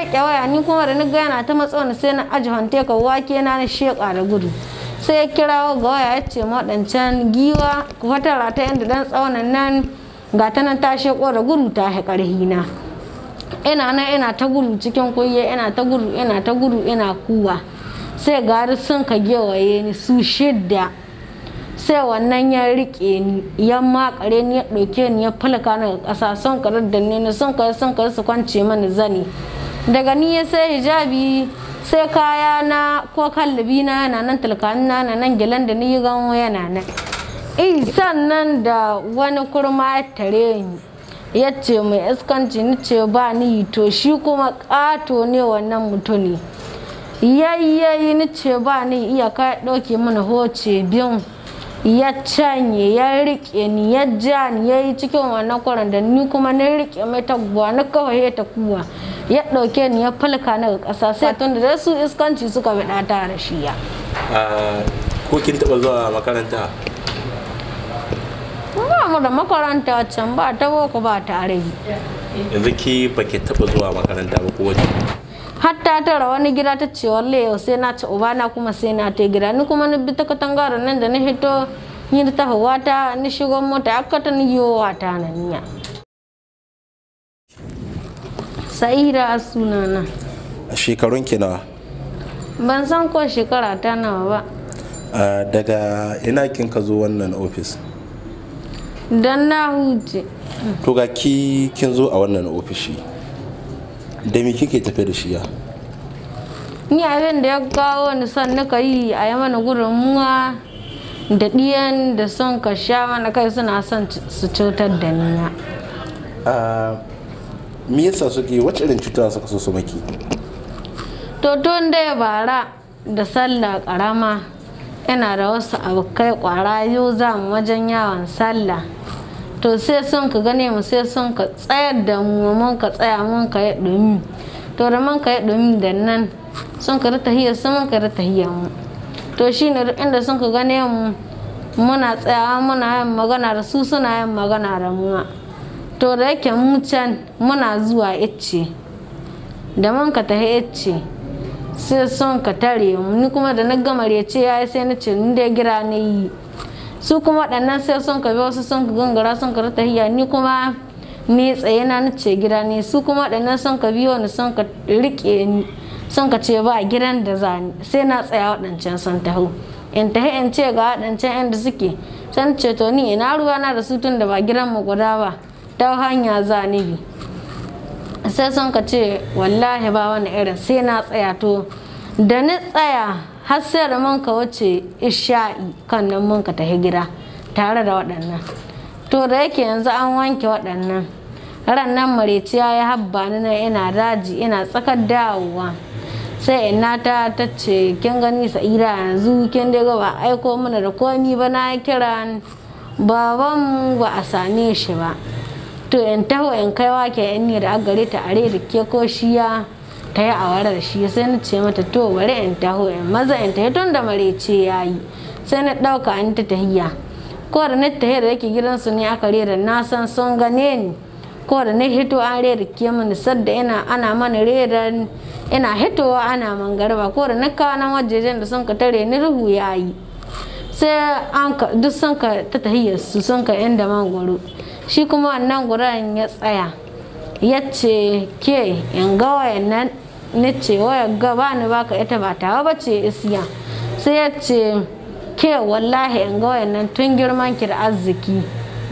rike waya ni kuma da ni ga yana ta matso sai na ajihante ka wake na na sheka da gudu sai ya kirawo ga waya ya ce waɗancan giwa ku fatara ta yadda dan tsaunin nan ga ta nan ta sheko da gudu ta haƙa na ina nan ina ta gudu cikin kuyya ina ta gudu ina ta gudu ina kuwa sai gari sun ka gewaye ni su shidda sai wannan ya rike ni ya makare ni ya ɗauke ni ya falka ni ƙasa son ka da ni son ka son ka su kwance mani zani daga ni ya sai hijabi sai kaya na ko kallabi na yana nan tulkanin na yana nan gilan da ni gan yana nan in sannan da wani kurma ya tare ni ya ce mai iskanci ni ce ba ni to shi kuma kato ne wannan mutumi yayyayi ni ce ba ni iyaka ya ɗauke mana hoce biyun ya canye ya rike ni ya ja ni ya yi cikin wannan kwaron da ni kuma na rike mai ta guwa na kawai ta kuwa ya ɗauke ni ya falka na ƙasa sai tun da su iskanci suka bi ɗata da ya. ko kin taɓa zuwa makaranta? ba mu da makaranta can ba ta boko ba ta arabi. yanzu ki baki taɓa zuwa makaranta ba ko wajen Hatta ta tara wani gida ta ce walle yau sai na ci ubana kuma sai na ta gida ni kuma ni bi ta katangaro nan da na hito ni da ta hawata ni shigo mota aka ta ni wa ta na niya sa'ira a sunana shekarun ki nawa ban san ko shekara ta nawa ba daga ina kin ka zo wannan ofis don na huce to ga ki kin zo a wannan ofishi da me kike tafe da shi ya ni abin da ya kawo ni son nika yi a yi mana muwa da ɗiyan da son ka sha mana kai suna son su cutar da ni ya me yasa suke wacce irin cuta suka so su maki to tun da ya bara da sallah karama yana da wasu abokai kwarayo za mu wajen yawon sallah to sai sun ka gane mu sai sun ka tsayar da mu mun ka tsaya mun ka yi domin to da mun ka yi domin da nan sun ka rata hiyar sun mun ka rata hiyar mu to shi ne inda sun ka gane mu muna tsayawa muna yin magana da su suna yin magana da mu to da yake mu can muna zuwa ice da mun ka tahi ice sai sun ka tare mu ni kuma da na gama ya ce ya sai na ce ni dai gira ne yi su kuma waɗannan sai sun ka bi wasu sun ka gangara sun ka tahiyya ni kuma ni tsaye na nace gida ne su kuma waɗannan sun ka bi wani sun ka riƙe ni sun ka ce ba gidan da za ni sai na tsaya waɗancan sun taho in tahi in ce ga waɗancan yan da suke san ce to ni ina ruwa na da su tun da ba gidan mu guda ba ta hanya za ni bi sai sun ka ce wallahi ba wani irin sai na tsaya to da ni tsaya har sai da wuce isha'i kan nan mun ka tafi gida tare da waɗannan to da yake yanzu an wanke waɗannan ran nan mareciya ya habba ni na ina daji ina tsakar dawowa sai ina ta ta ce kin gani sa'ira yanzu kin dai ba aiko mana da komi ba na kira baban ba a same shi ba to in taho in kai wake in ne da agare ta are da ke ko shiya ta yi awarar shi sai na ce mata to bari in taho in maza in tahi tun da ce ya yi sai na ɗauka an ta tahiya ko da na tahiya da yake gidansu ne aka rera na san sun gane ni ko da na hito an rera ke mani sadda ina ana mana rera ina hitowa ana man garba ko da na kawo nan wajejen da sun ka tare ni ruhu ya yi sai an ka duk sun ka ta tahiya su sun ka inda mangoro shi kuma wannan guran ya tsaya ya ce ke in ga wayannan na ce waya gaba ni baka ita ba ta ba ce isiya sai ya ce ke wallahi in ga wayannan tun girman ki da arziki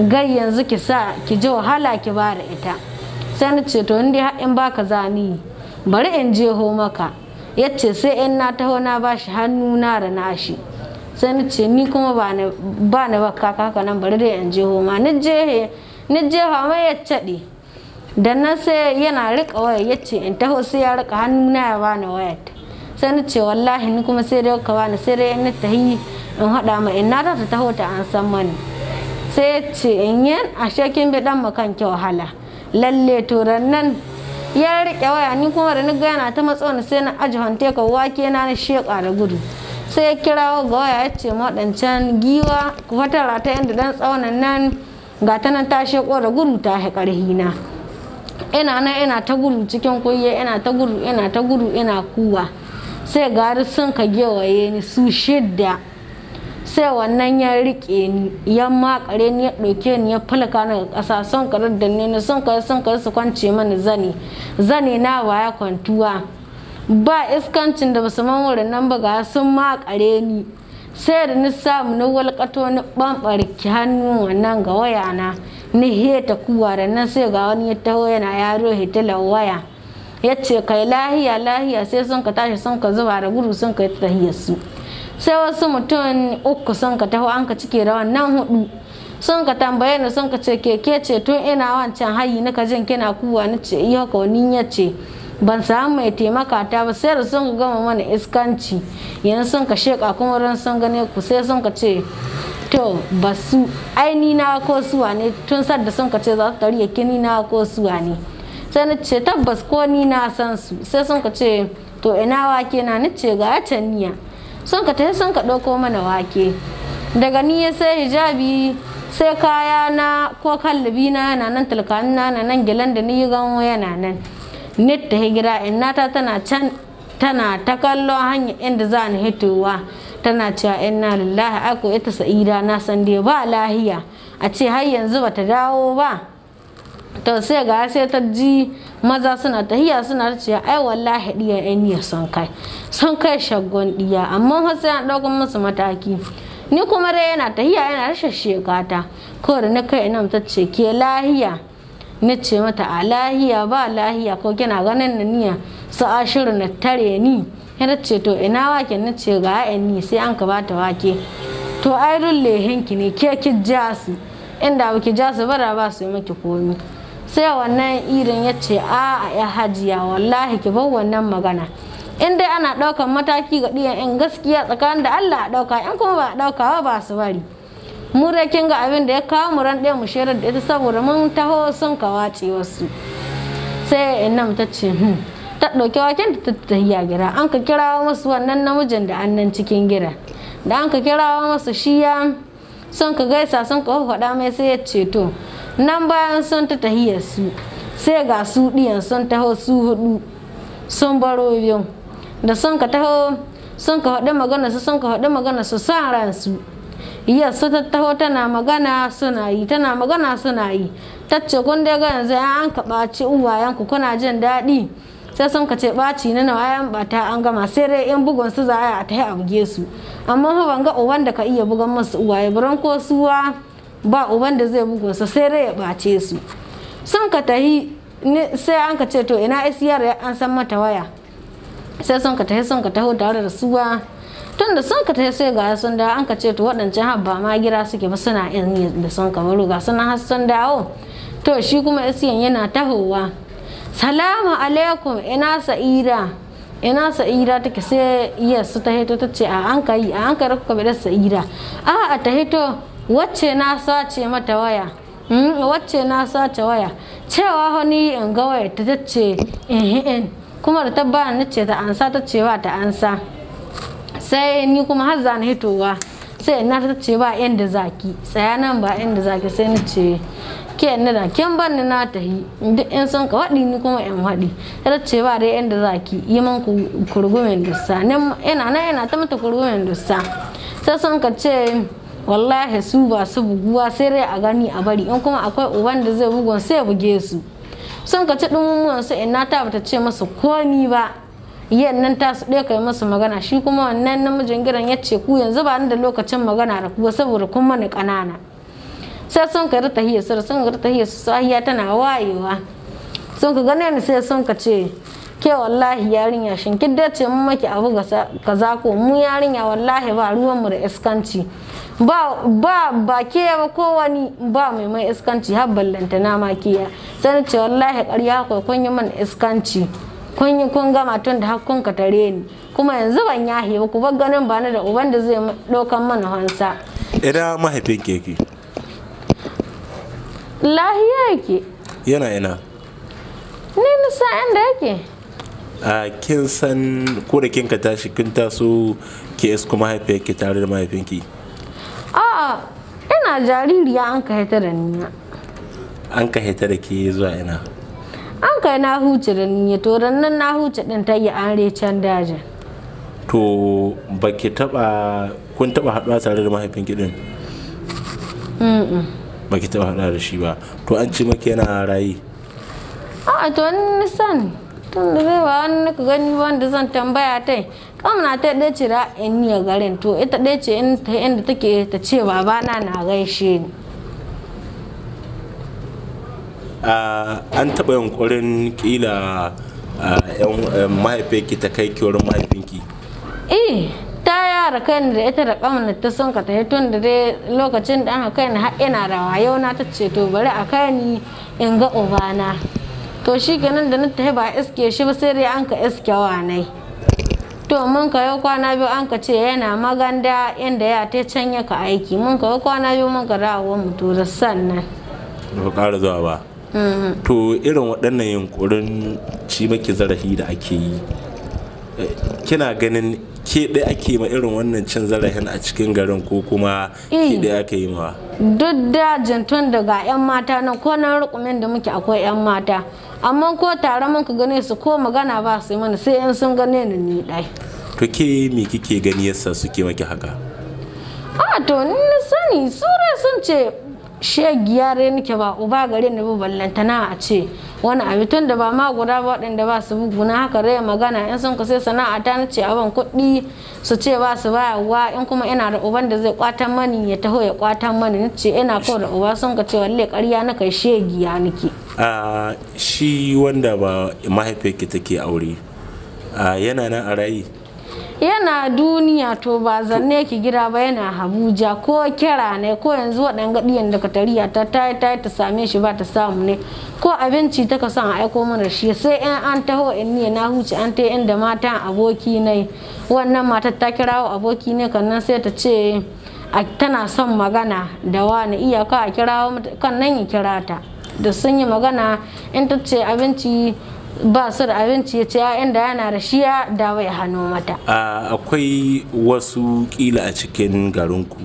gai yanzu ki sa ki ji wahala ki ba da ita sai na ce to in dai in baka zani bari in jeho maka ya ce sai in na taho na bashi hannu na da nashi sai na ce ni kuma ba ni ba kaka nan bari dai in jeho ma ni je ni jeha mai ya caɗe dan nan sai yana rika waya ya ce in taho sai ya rika hannu na ya bani waya sai na ce wallahi ni kuma sai dai ka bani sai dai na tahi in haɗa ma in na ta taho ta an san mani sai ya ce in yi ashe kin bi dan makanki wahala lalle to nan ya rike waya ni kuma da ni ga yana ta matso sai na aji hante ka wake na na sheka da gudu sai ya kirawo ga waya ya ce waɗancan giwa ku fatara ta yadda dan tsaunan nan ga ta nan ta sheko da gudu ta karhi na. ina nan ina ta gudu cikin kuyi ina ta gudu ina ta gudu ina kuwa sai gari sun ka gewaye ni su shidda sai wannan ya rike ni ya kare ni ya ɗauke ni ya falka ni ƙasa son ka da ni son ka son ka su kwance mani zane zane na baya kwantuwa ba iskancin da basu man wurin nan ba ga sun maƙare ni sai da ni samu na walƙato ni ɓanɓarki hannu wannan ga wayana ni heta kuwa da nan sai ga wani ya taho yana yaro hitilan waya ya ce kai lahiya lahiya sai sun ka tashi sun ka zuba da gudu sun ka yi tahiyar su sai wasu mutum uku sun ka taho an ka cike da wannan hudu sun ka tambaye ni sun ka ce keke ce tun ina wancan hayi na jin kina kuwa ni ce iya ya ce ban samu mai taimaka ta ba sai da sun gama mana iskanci yanzu sun ka sheka kuma ran sun gane ku sai sun ka ce to ba su aini na ko suwa ne tun da sun ka ce za su tariya kini na ko suwa ne sai na ce tabbas ko ni na san su sai sun ka ce to ina wake na ni ce ga niya sun ka tafi sun ka ɗauko mana wake daga ni ya sai hijabi sai kaya na ko kallabi na nan talkanin na nan gilan da ni gan yana nan nit ta gida innata tana can tana ta kallo hanya inda za ni hitowa tana cewa inna lillahi ako ita sa'ida na san dai ba lahiya a ce har yanzu bata dawo ba to sai ga sai ta ji maza suna tahiya suna cewa ai wallahi diya yan son kai son kai shaggon diya amma har sai an dauko musu mataki ni kuma dai yana tahiya yana rashin shekata kawai na kai ina mutacce ke lahiya na ce mata a lahiya ba lahiya ko kina ganin na niya su ashiru na tare ni ya ce to ina wake na ce ga ni sai an ka bata wake to ai rulle hinki ne ke ki jasu inda ba ki jasu bara ba su yi maki komi sai wannan irin ya ce a ya hajiya wallahi ki bar wannan magana in dai ana ɗaukar mataki ga ɗiyan in gaskiya tsakanin da allah a ɗauka in kuma ba a ɗauka ba su bari mu kin ga abin da ya kawo mu ran ɗaya mu shirar da ita saboda mun taho sun kawace wasu sai inna ta ce hmm. ta ɗauki waken da ta tahiya gida an ka kirawo masu wannan namijin da annan cikin gida da an ka kirawo masu ya sun ka gaisa sun ka faɗa mai sai ya ce to nan bayan sun ta tahiyar su sai ga su ɗiyan sun taho su hudu sun baro biyu da sun ka taho sun ka faɗi magana su sun ka faɗi magana su sa ransu su ta taho tana magana suna yi tana magana suna yi tacce kun da ga yanzu an ka ɓaci uwayenku kuna jin daɗi sai sun ka ce ɓaci na nawa yan bata an gama sai dai in bugun su za a ta yi a buge su amma fa ban ga uban da ka iya bugan musu uwaye buran ko suwa ba uban da zai bugun su sai dai ya ɓace su sun ka tahi sai an ka ce to ina isiyar an san mata waya sai sun ka tahi sun ka taho tare da suwa tun da sun ka ta sai ga sun da an ka ce to waɗancan har ba ma gira suke ba suna yan da sun ka ga suna har sun dawo to shi kuma isiyan yana tahowa salamu alaikum ina sa'ira ina sa'ira take sai iya su ta hito ta ce a an ka yi a an ka rufe kamar sa'ira a a ta hito wacce na sace mata waya hmm, wacce na sace waya cewa wani in ga waya ta ce kuma da ta ba ni ce ta ansa ta ce ba ta ansa sai ni kuma har zane hitowa sai na ta ce ba yan da zaki tsaya nan ba yan da zaki sai ni ce ke ni da kin ban ni na tahi duk in sun ka waɗi ni kuma in waɗi ta ce ba dai yan da zaki yi man kurgumen dussa ina na ina ta mata kurgumen dussa sai sun ka ce wallahi su ba su buguwa sai dai a gani a bari in kuma akwai uban da zai bugun sai buge su sun ka ci ɗin su ina ta bata ce masa komi ba iyan nan ta su ɗaya kai musu magana shi kuma wannan namijin giran ya ce ku yanzu ba da lokacin magana da kuwa saboda kun mana kanana sai sun ka rita hiya sir sun ka rita hiya su sahiya tana wayewa sun ka gane ni sai sun ka ce ke wallahi yarinya shin kin dace mun maki abu kaza ko mu yarinya wallahi ba ruwan mu da iskanci ba ba ba ke ba ko wani ba mai mai iskanci har ballantana ma sai ce wallahi ƙarya ko kun yi mana iskanci kun yi kun gama tun da hakkun ka tare ni kuma yanzu ban yahe ba ku Ba ganin ba da uban da zai ɗaukan mana hansa ina mahaifin keke lahiya yake yana ina ni nisa inda yake a kin san ko da kinka tashi kin taso ke isku mahaifiyarki tare da mahaifinki a'a ina jaririya an ka haita da ni an ka haita da ke zuwa ina an kai na huce da ni to nan na huce din ta yi an can dajin to ba ki taba kun taba haduwa tare da mahaifin kidin ba ki taba haduwa da shi ba to an ci maka yana rayi a to ni san tun da bai wani ka gani wanda zan tambaya ta kamuna ta ɗaya in ra'ayin garin to ita ɗaya ce inda take ta ce babana na gaishe ni Ah, an taɓa yankurin ƙila ah, eh, mahaifinki ta kai ki wurin mahaifinki eh ta yara kai da ita da kamar ta son ka tun da dai lokacin da aka kai ni har ina rawa wayo na ta ce to bari a kai ni in ga ubana to shi kenan da na tafi ba iske shi ba sai dai an ka iske wa nai to mun ka yau kwana biyu an ka ce yana maganda inda ya ta can ya ka aiki mun ka yau kwana biyu mun ka dawo mu to sannan ba ƙara zuwa ba to irin waɗannan yunkurin ci maki zarafi da ake yi kina ganin ke ɗaya ake ma irin wannan cin zarafin a cikin garin ko kuma ke eh. ɗaya ake yi ma duk da jintun daga 'yan mata nan ko nan rukumin da muke akwai 'yan mata amma ko tare mun ka gane su ko magana ba su mana sai in sun gane ni ni ɗai to ke me kike gani yasa suke maki haka a ah, to ni sani sura sun ce shegiyar nake ba uba gare ni ballantana a ce wani abu tun da ba ma guda ba waɗanda ba su bugu na haka rai magana in sun kusa sana'a ta nace ce abin kuɗi su ce ba su wa in kuma ina da uban da zai kwata mani ya taho ya kwata mani nace ce ina ko da uba sun ka ce walle ƙarya na kai shegiya nake. shi wanda ba mahaifiyarki take aure yana nan a rayi yana duniya to ba zanne ki gida ba yana habuja ko kira ne ko yanzu waɗanga ɗiyan da katariya ta tayi tayi ta same shi ba ta samu ne ko abinci ta san a aiko mana shi sai in an taho in ne na huce an ta inda matan aboki ne wannan matar ta kirawo aboki ne kannan sai ta ce tana son magana da wani iyaka a kirawo kannan ya kira da sun yi magana in ta ce abinci ba su da abinci ya ce ‘ya'yan da yana da shiya da bai hannu mata. Akwai wasu kila a cikin garinku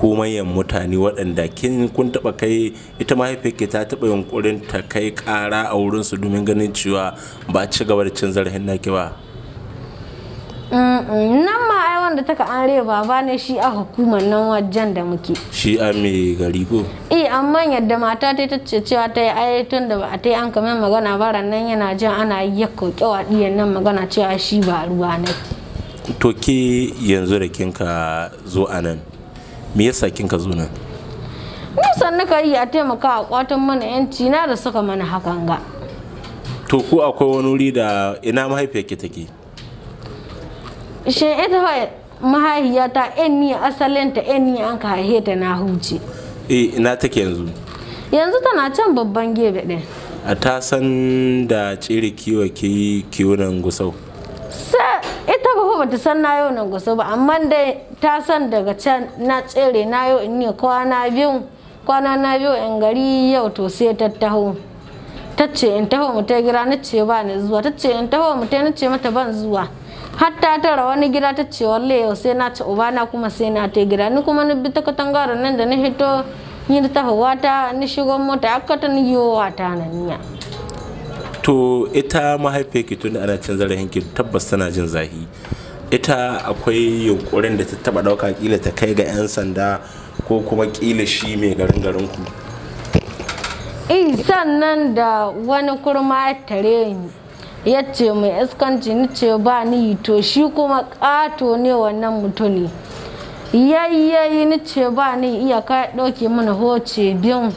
ko manyan mutane waɗanda kun taɓa kai ita mahaifiyarki ta taɓa yunkurin ta kai ƙara a wurinsu domin ganin cewa ba ci gaba da cin zarafin naki ba. Nan ma ai wanda taka an ba ne shi a hukumar nan wajen da muke. Shi a mai gari ko? Eh, amma yadda mata ta ta ce cewa ta yi ai tun da ba ta yi an kamar magana ba nan yana jin ana yi ya koke wa nan magana cewa shi ba ruwa ne to ke yanzu da kinka zo a nan me yasa kinka zo nan nisan na yi a taimaka a kwatan mana yanci na da suka mana hakan ga to ku akwai wani wuri da ina mahaifiyar ki take Shin ita mahaifiyata yan ni asalinta yan ni an ka haife ta na huce eh ina take yanzu yanzu tana can babban gebe din a ta san da cire kiwa ke kiwo nan gusau ita ba ba ta san na yau nan gusau ba amma dai ta san daga can na tsere na yau in ne kwana biyu kwana na biyu in gari yau to sai ta taho ta ce in taho mu ta gira na ce ba ni zuwa ta ce in taho mu ta na ce mata ban zuwa hatta tara wani gida ta ce walle sai na ci ubana kuma sai na ta gida ni kuma ni bi ta katangaren nan da na hito ni da ta wata ni shigo mota aka ta ni yiwa ta nan niya to ita mahaifiyar ki tun ana cin zarafin ki tabbas tana jin zahi ita akwai yunkurin da ta taba dauka kila ta kai ga yan sanda ko kuma kila shi mai garin garin ku eh, sannan da wani kurma tare ni yace mai iskanci ni ce ba ni to shi kuma kato ne wannan mutumi yayyayi ni ce ba ni iya ka ɗauke mana hoce biyun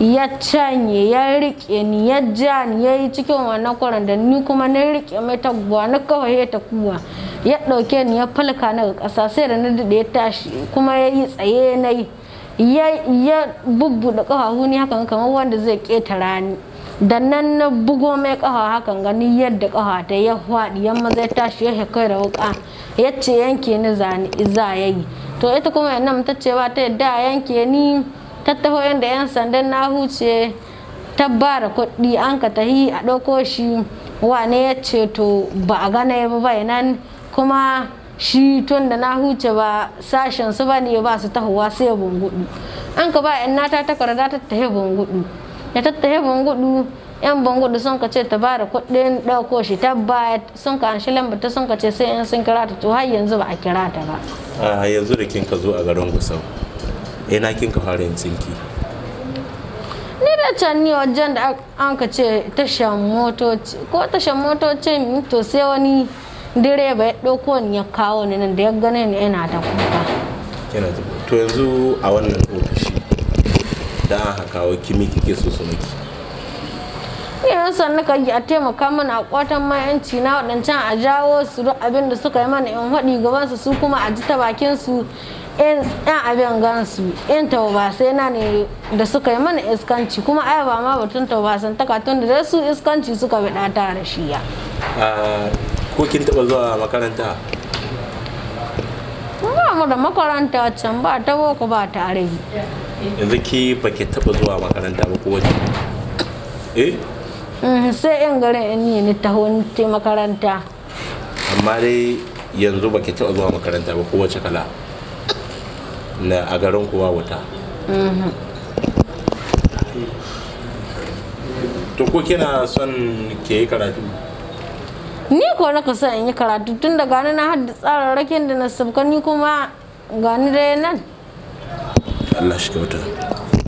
ya canye ya riƙe ni ya ja ni ya yi cikin wannan kwaron da ni kuma na riƙe mai taguwa na kawai ta kuwa ya ɗauke ni ya falka na ƙasa sai da na daɗe ya tashi kuma ya yi tsaye na yi ya bubbuɗe ƙafafu huni haka kamar wanda zai ƙetara ni da nan na bugo mai kafa hakan gani yadda kawa ta ya faɗi maza ya tashi ya kai da ya ce yanke ni za ya yi to ita kuma yana mata ce ba ta yadda yanke ni ta taho yadda yan sandan na huce ta bara kuɗi an ka tahi a ɗauko shi wane ya ce to ba a gane ba bai nan kuma shi tun da na huce ba sashen su ba ne ba su tahowa sai bungudu an ka ba yan nata takarda ta tahi bungudu ya tattahe bangudu yan bangudu sun ka ce ta ba da kuɗin ɗauko shi ta baya sun ka anshi lamba ta sun ka ce sai yan sun kira ta to har yanzu ba a kira ta ba a yanzu da kin ka zo a garin gusau ina kin ka fara yin tsinki ni da can ni wajen da an ka ce tashan motoci ko tashan motocin to sai wani direba ya ɗauko ni ya kawo ni nan da ya gane ni yana ta kuka to yanzu a wannan ofis da aka kawo kimi kike so su miki irin sannu kai a taimaka mana a kwatan mayanci na wadancan a jawo su duk abin da suka yi mana in haɗi gabansu su kuma a ji ta bakin su yan abin gansu yan taubasai na ne da suka yi mana iskanci kuma ai ba ma batun ta takatun da dai su iskanci suka bi ɗata da shiya ko kin taɓa zuwa makaranta ba mu da makaranta can ba ta boko ba ta arabi yanzu ki baki taba zuwa makaranta ba ko wace eh mm, sai yan garin in ne ni taho ni makaranta amma dai yanzu baki taba zuwa makaranta ba ko wace kala na a garin kuwa wuta mm-hmm. to ko kina son ke yi karatu ni ko na son in yi karatu tun da gani na hadda tsararrakin da na sabka ni kuma gani dai nan Allah shi kyauta